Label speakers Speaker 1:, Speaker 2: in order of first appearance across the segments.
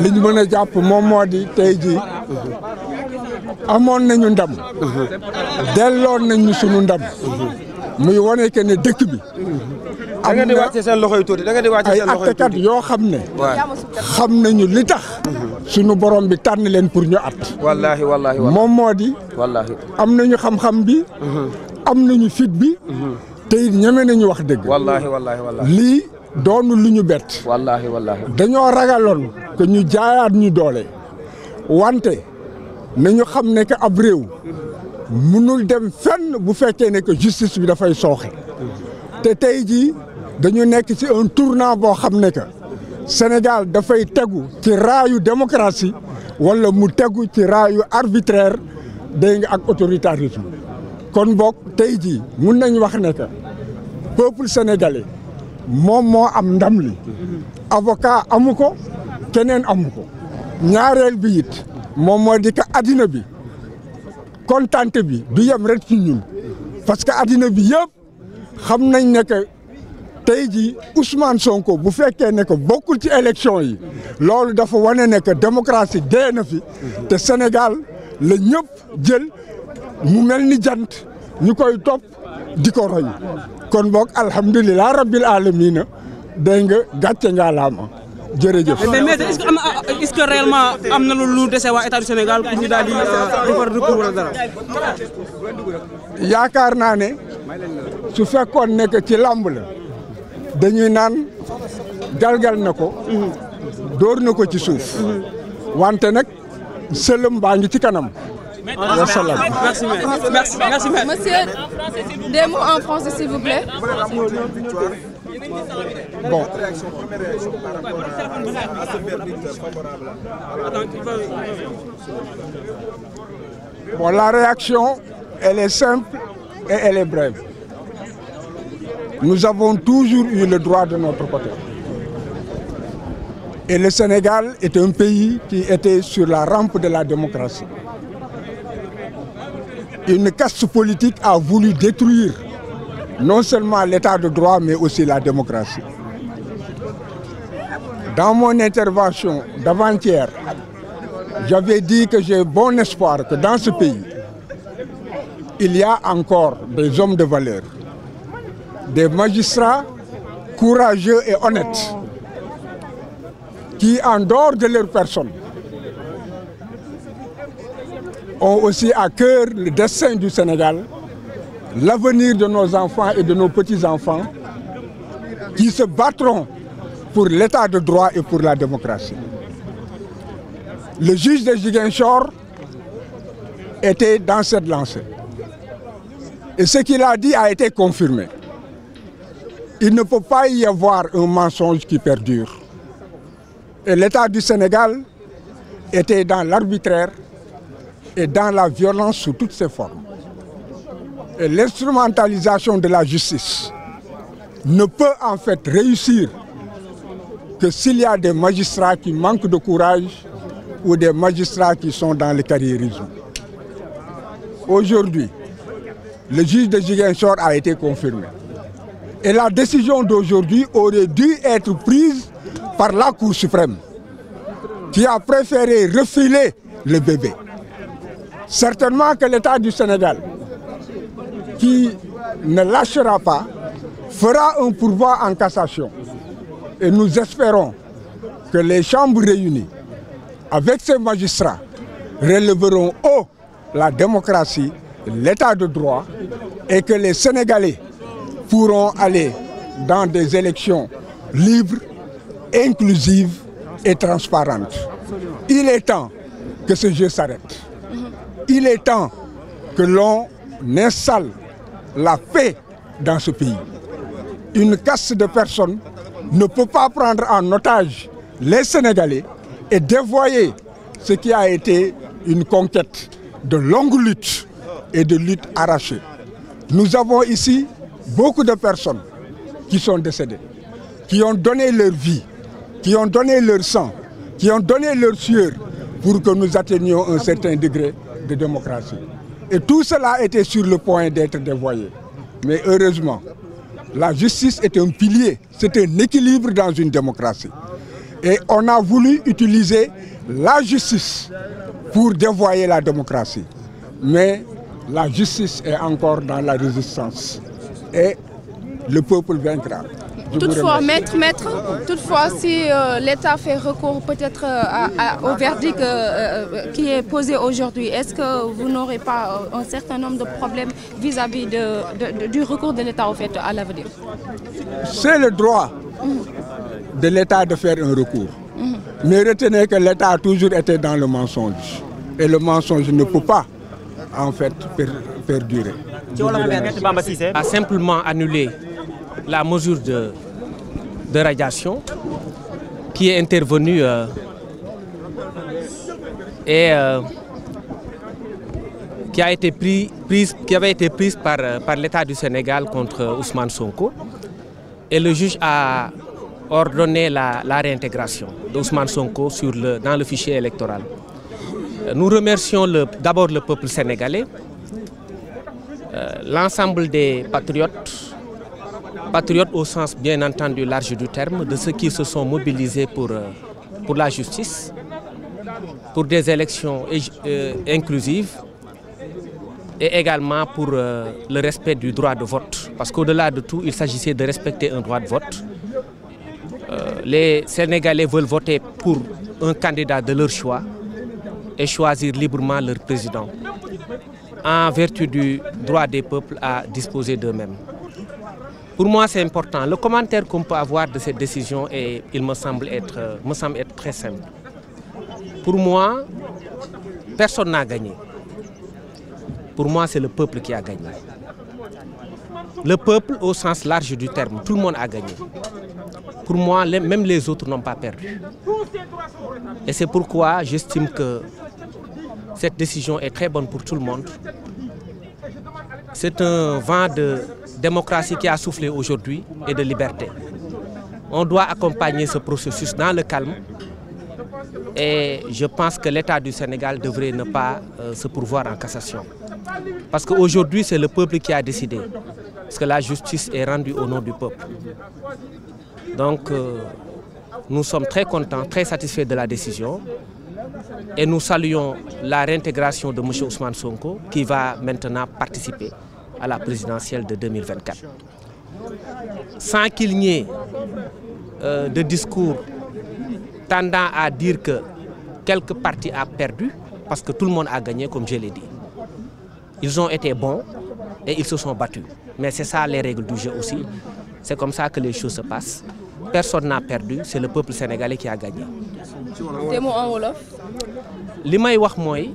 Speaker 1: li ñu mën a jàpp moom moo di tey ji amoon nañu ndam delloon nañu sunu ndam muy wane que ne dëkk bi
Speaker 2: am na ay attekat
Speaker 1: yoo xam ne xam nañu li tax sunu borom bi tànn leen pour ñu at wallaahi
Speaker 2: wallaahi moom moo di wallaahi
Speaker 1: am nañu xam-xam bi mhm. am nañu fit bi mhm. te it ñeme nañu wax dëgg wallaahi wallaahi wallaahi lii doonu lu ñu bett wallaahi wallaahi dañoo ragaloon que ñu jaayaat ñu doole wante nañu xam ne que ab réew mënul dem fenn bu fekkee ne que justice bi dafay sooxe te tey jii dañu nekk ci un tournant boo xam ne que Sénégal dafay tegu ci raayu démocratie wala mu tegu ci raayu arbitraire dégg nga ak autoritarisme kon boog tey jii mun nañ wax ne que peuple moom moo am ndam li avocat amu ko keneen amu ko ñaareel bi it moom moo di que addina bi kontante bi du yem rek ci ñun parce que addina bi yëpp xam nañ ne que tey jii Ousmane Sonko bu fekkee ne que bokkul ci élection yi loolu dafa wane nekk que démocratie na fi te Sénégal la ñëpp jël mu mel ni jant ñu koy topp di ko roy kon boog alhamdulilah rabbil alamina day nga gàcce ngaa laama jërëjëf mais mais est-ce que
Speaker 2: am est-ce que réellement am na lu lu dese waa état du Sénégal pour ñu daal di euh, defar recours wala dara.
Speaker 1: yaakaar naa ne su fekkoon ne ci làmb la dañuy naan galgal na ko. dóor na ko ci suuf. wante nag sëlëm baa ngi ci kanam. wasalaam
Speaker 2: merci merci merci. monsieur des mots en français s'il vous plaît.
Speaker 1: Bon. la réaction, elle est simple et elle est brève. Nous avons toujours eu le droit de notre côté. Et le Sénégal est un pays qui était sur la rampe de la démocratie. Une caste politique a voulu détruire non seulement l'état de droit, mais aussi la démocratie. Dans mon intervention d'avant-hier, j'avais dit que j'ai bon espoir que dans ce pays, il y a encore des hommes de valeur, des magistrats courageux et honnêtes, qui en dehors de leur personne, ont aussi à cœur le destin du Sénégal l'avenir de nos enfants et de nos petits-enfants qui se battront pour l'état de droit et pour la démocratie. Le juge de Ziguinchor était dans cette lancée. Et ce qu'il a dit a été confirmé. Il ne peut pas y avoir un mensonge qui perdure. Et l'État du Sénégal était dans l'arbitraire et dans la violence sous toutes ses formes. l'instrumentalisation de la justice ne peut en fait réussir que s'il y a des magistrats qui manquent de courage ou des magistrats qui sont dans le carriérisme. Aujourd'hui, le juge de Ziguinchor a été confirmé. Et la décision d'aujourd'hui aurait dû être prise par la Cour suprême, qui a préféré refiler le bébé. Certainement que l'État du Sénégal qui ne lâchera pas fera un pourvoi en cassation. Et nous espérons que les chambres réunies, avec ces magistrats, relèveront haut la démocratie, l'état de droit, et que les Sénégalais pourront aller dans des élections libres, inclusives et transparentes. Il est temps que ce jeu s'arrête. Il est temps que l'on installe la paix dans ce pays. Une caste de personnes ne peut pas prendre en otage les Sénégalais et dévoyer ce qui a été une conquête de longue lutte et de lutte arrachée. Nous avons ici beaucoup de personnes qui sont décédées, qui ont donné leur vie, qui ont donné leur sang, qui ont donné leur sueur pour que nous atteignions un certain degré de démocratie. Et tout cela était sur le point d'être dévoyé. Mais heureusement, la justice est un pilier, c'est un équilibre dans une démocratie. Et on a voulu utiliser la justice pour dévoyer la démocratie. Mais la justice est encore dans la résistance. Et le peuple vaincra. Toutefois, maître,
Speaker 2: maître, toutefois, si euh, l'État fait recours peut-être euh, au verdict euh, euh, qui est posé aujourd'hui, est-ce que vous n'aurez pas euh, un certain nombre de problèmes vis-à-vis de, de, de, du recours de l'État au fait à l'avenir
Speaker 1: C'est le droit de l'État de faire un recours. Mais retenez que l'État a toujours été dans le mensonge. Et le mensonge ne peut pas, en fait, perdurer. A
Speaker 2: simplement annulé la mesure de, de radiation qui est intervenue euh, et euh, qui, a été pris, prise, qui avait été prise par, euh, par l'État du Sénégal contre euh, Ousmane Sonko. Et le juge a ordonné la, la réintégration d'Ousmane Sonko sur le, dans le fichier électoral. Euh, nous remercions d'abord le peuple sénégalais, euh, l'ensemble des patriotes patriotes au sens bien entendu large du terme, de ceux qui se sont mobilisés pour, euh, pour la justice, pour des élections euh, inclusives et également pour euh, le respect du droit de vote. Parce qu'au-delà de tout, il s'agissait de respecter un droit de vote. Les Sénégalais veulent voter pour un candidat de leur choix et choisir librement leur président en vertu du droit des peuples à disposer d'eux-mêmes. Pour moi, c'est important. Le commentaire qu'on peut avoir de cette décision, est, il me semble, être, euh, me semble être très simple. Pour moi, personne n'a gagné. Pour moi, c'est le peuple qui a gagné. Le peuple au sens large du terme, tout le monde a gagné. Pour moi, même les autres n'ont pas perdu. Et c'est pourquoi j'estime que cette décision est très bonne pour tout le monde. C'est un vent de démocratie qui a soufflé aujourd'hui et de liberté. On doit accompagner ce processus dans le calme et je pense que l'État du Sénégal devrait ne pas euh, se pourvoir en cassation. Parce qu'aujourd'hui, c'est le peuple qui a décidé. Parce que la justice est rendue au nom du peuple. Donc, euh, nous sommes de la décision. Et nous saluons la réintégration de M. Ousmane Sonko qui va maintenant participer à la présidentielle de 2024. Sans qu'il n'y ait euh, de discours tendant à dire que quelque parti a perdu, parce que tout le monde a gagné, comme je l'ai dit. Ils ont été bons et ils se sont battus. Mais c'est ça les règles du jeu aussi. C'est comme ça que les choses se passent. Personne n'a perdu, c'est le peuple sénégalais qui a gagné. li may wax mooy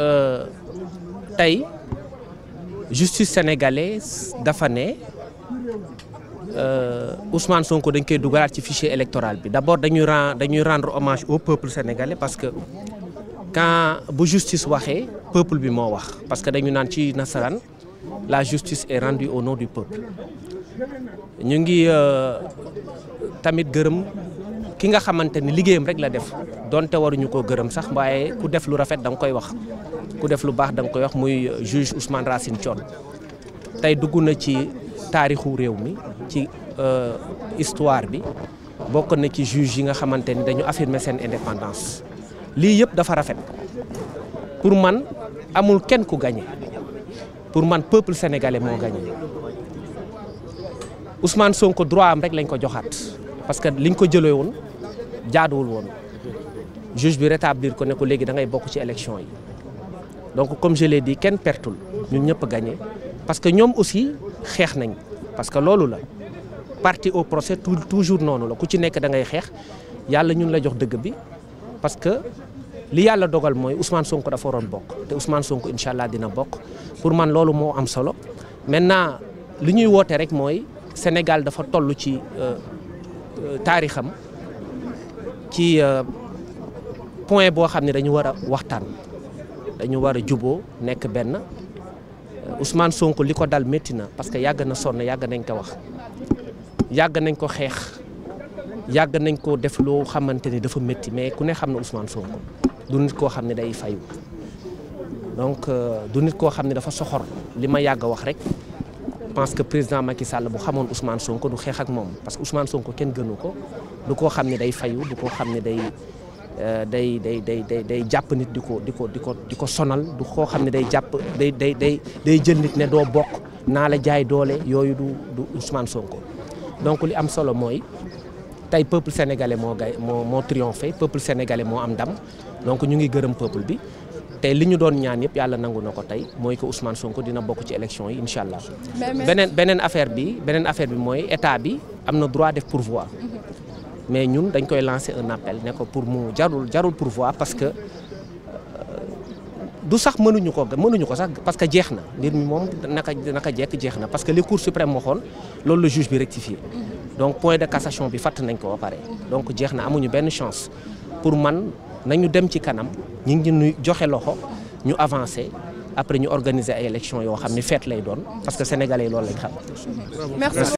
Speaker 2: euh, tey justice sénégalaise dafa ne euh, Ousmane Sonko dañ koy dugalaat ci fichier électoral bi d'abord dañuy rend dañuy rendre hommage au peuple sénégalais parce que quand bu justice waxee peuple bi moo wax parce que dañu naan ci nasaraan la justice est rendue au nom du peuple ñu ngi euh, tamit gërëm ki nga xamante ni liggéeyam rek la def donte waruñu koo gërëm sax waaye ku def lu rafet da nga koy wax ku def lu baax da nga koy wax muy juge Ousmane Racine Thion tey dugg na ci taarixu réew mi ci euh, histoire bi bokk na ci juge yi nga xamante ni dañu affirmer seen indépendance lii yëpp dafa rafet pour man amul kenn ku gagné pour man peuple sénégalais moo gagné Ousmane ko droit am rek lañ ko joxaat parce que liñ ko jëlee woon jaaduwul woon. juge bi rétablir ko ne ko léegi dangay bokk ci élection yi donc comme je l'ai dit kenn pertul ñun ñëpp gagné parce que ñoom aussi xeex nañ parce que loolu la partie au procès toujours noonu la ku ci nekk da ngay xeex yàlla ñun la jox dëgg bi parce que li yàlla dogal mooy usman Sonko dafa waroon bokk te Ousmane Sonko incha allah dina bokk pour man loolu moo am solo maintenant li ñuy woote rek mooy Sénégal dafa toll ci euh, euh, taarixam ci. Euh, point boo xam ne dañu war a waxtaan dañu war a juboo nekk benn euh, Ousmane Sonko li ko dal métti na parce que yàgg na sonn yàgg nañ ko wax yàgg nañ ko xeex yàgg nañ ko def loo xamante ni dafa métti mais ku ne xam ne Ousmane Sonko du koo xam ne day fayu donc euh, du nit koo xam ne dafa soxor li ma yàgg a wax rek pense que président Macky Sall bu xamoon Ousmane Sonko du xeex ak moom parce que Ousmane Sonko kenn gënu ko du koo xam ne day fayu du koo xam ne day Euh, day day day day day jàpp nit di ko di ko di ko di ko sonal du koo xam ne day jàpp day day day day jël nit ne doo bokk naa la jaay doole yooyu du du Ousmane Sonko donc li am solo mooy tey peuple sénégalais moo gay moo moo triomphé peuple sénégalais moo am ndam donc ñu ngi gërëm peuple bi te li ñu doon ñaan yëpp yàlla nangu na ko tey mooy que Ousmane Sonko dina bokk ci élection yi incha allah. beneen beneen affaire bi beneen affaire bi mooy état bi am na droit def pourvoi. Mhm. mais ñun dañ koy lancer un appel ne ko pour mu jarul pour pourvoi parce que euh, du sax mënuñu ko mënuñu ko sax parce que jeex na mbir mi moom naka naka jekk jeex na parce que li cour suprême waxoon loolu la juge bi rectifié donc point de cassation bi fàtt nañ ko ba pare donc jeex na amuñu benn chance pour man nañu dem ci kanam ñu ngi ñu joxe loxo ñu avancer après ñu organiser ay élections yoo xam ne fête lay doon parce que sénégalais yi loolu lañ xam.